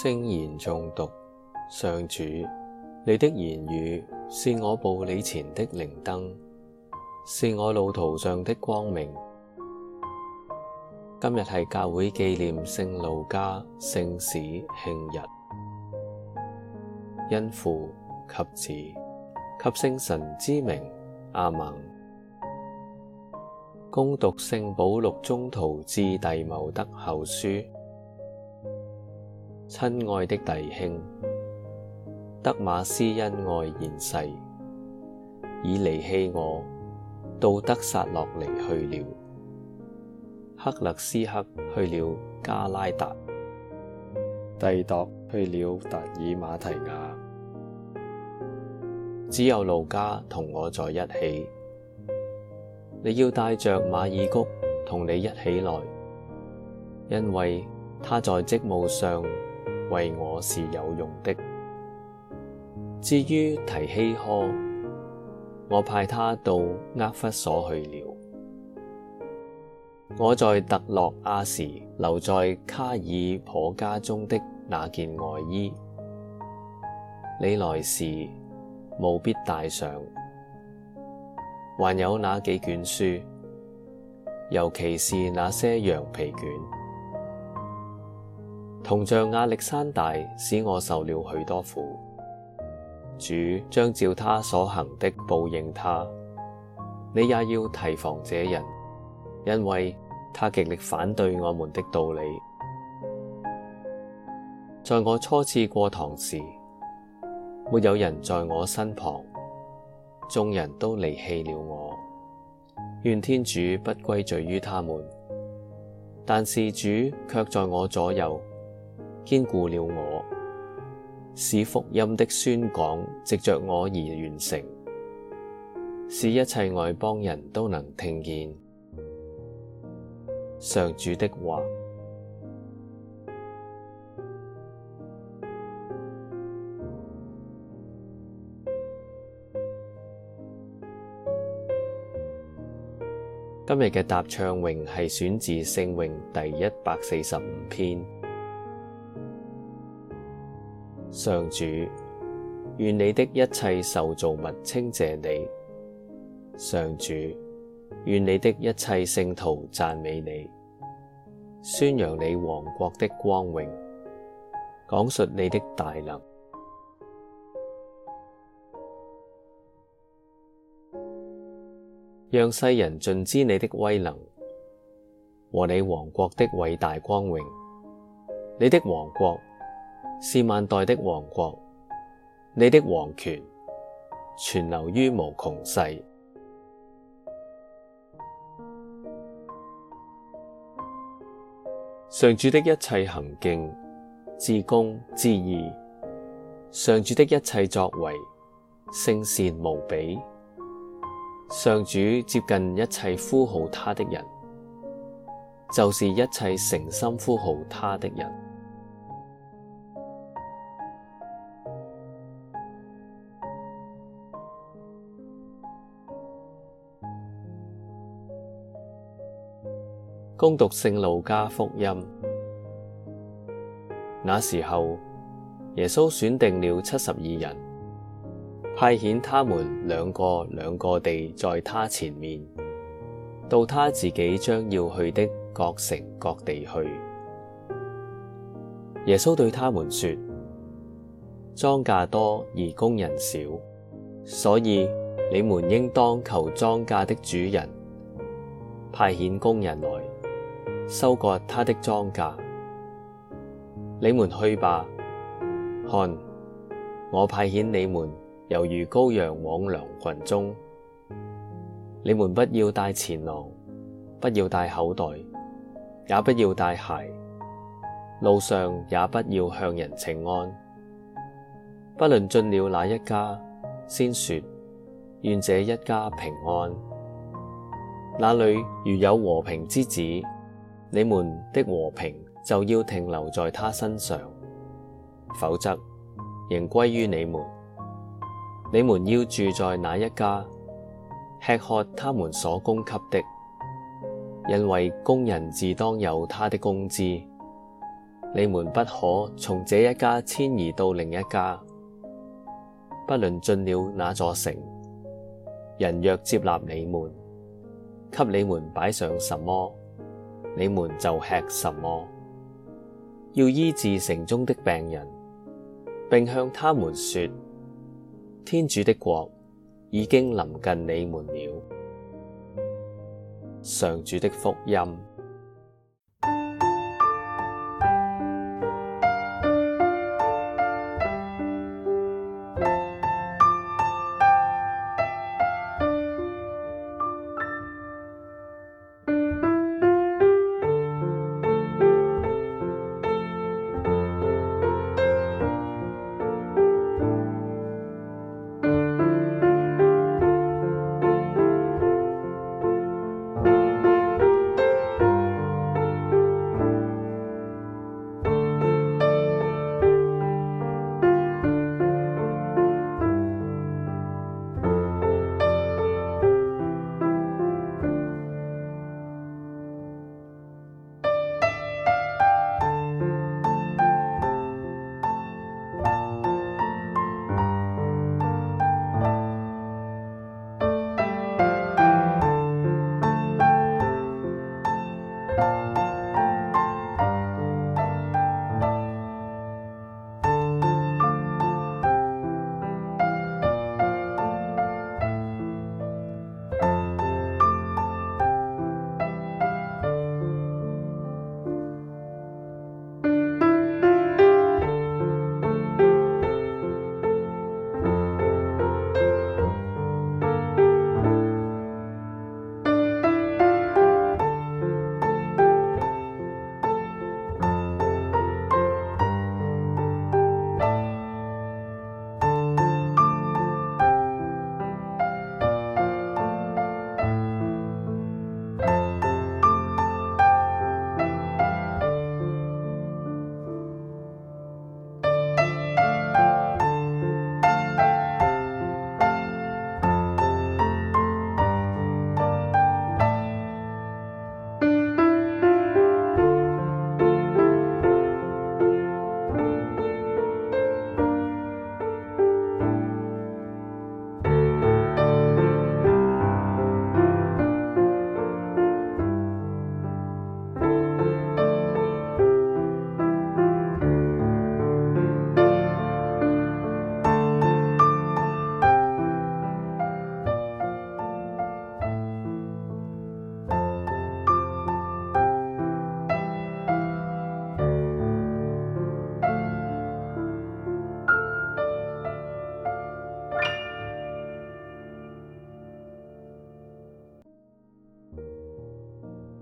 聖言誦讀，上主，你的言語是我步你前的靈燈，是我路途上的光明。今日係教會紀念聖路加聖史慶日，因父及子及聖神之名，阿門。恭讀聖保祿宗徒致弟茂德後書。親愛的弟兄，德瑪斯因愛現世，已離棄我，到得撒洛尼去了；克勒斯刻去了迦拉達，弟鐸去了達耳瑪提雅，只有路加同我在一起。你要帶着馬爾谷同你一起來，因為他在職務上。為我是有用的。至於提希苛，我派他到厄弗所去了。我在特洛阿時留在卡爾頗家中的那件外衣，你來時務必帶上。還有那幾卷書，尤其是那些羊皮卷。銅匠亞歷山大使我受了許多苦，主將照他所行的報應他。你也要提防這人，因為他極力反對我們的道理。在我初次過堂時，沒有人在我身旁，眾人都離棄了我。願天主不歸罪於他們，但是主卻在我左右。堅固了我，使福音的宣講藉着我而完成，使一切外邦人都能聽見。上主的話。今日嘅答唱詠係選自聖詠第一百四十五篇。上主，願你的一切受造物稱謝你；上主，願你的一切聖徒讚美你，宣揚你王國的光榮，講述你的大能。讓世人盡知你的威能，和你王國的偉大光榮。你的王國。是萬代的王國，你的王權存留於無窮世。上主的一切行徑至公至義，上主的一切作為聖善無比。上主接近一切呼號他的人，就是一切誠心呼號他的人。恭讀《聖路加福音》，那時候耶穌選定了七十二人，派遣他們兩個兩個地在他前面，到他自己將要去的各城各地去。耶穌對他們說：莊稼多而工人少，所以你們應當求莊稼的主人派遣工人來。收割他的莊稼，你們去吧。看，我派遣你們，猶如羔羊往狼群中。你們不要帶錢囊，不要帶口袋，也不要帶鞋，路上也不要向人請安。不論進了哪一家，先說願這一家平安。那裏如有和平之子。你們的和平就要停留在他身上，否則仍歸於你們。你們要住在那一家，吃喝他們所供給的，因為工人自當有他的工資。你們不可從這一家遷移到另一家，不論進了那座城，人若接納你們，給你們擺上什麼。你們就吃什麼，要醫治城中的病人，並向他們說：天主的國已經臨近你們了。上主的福音。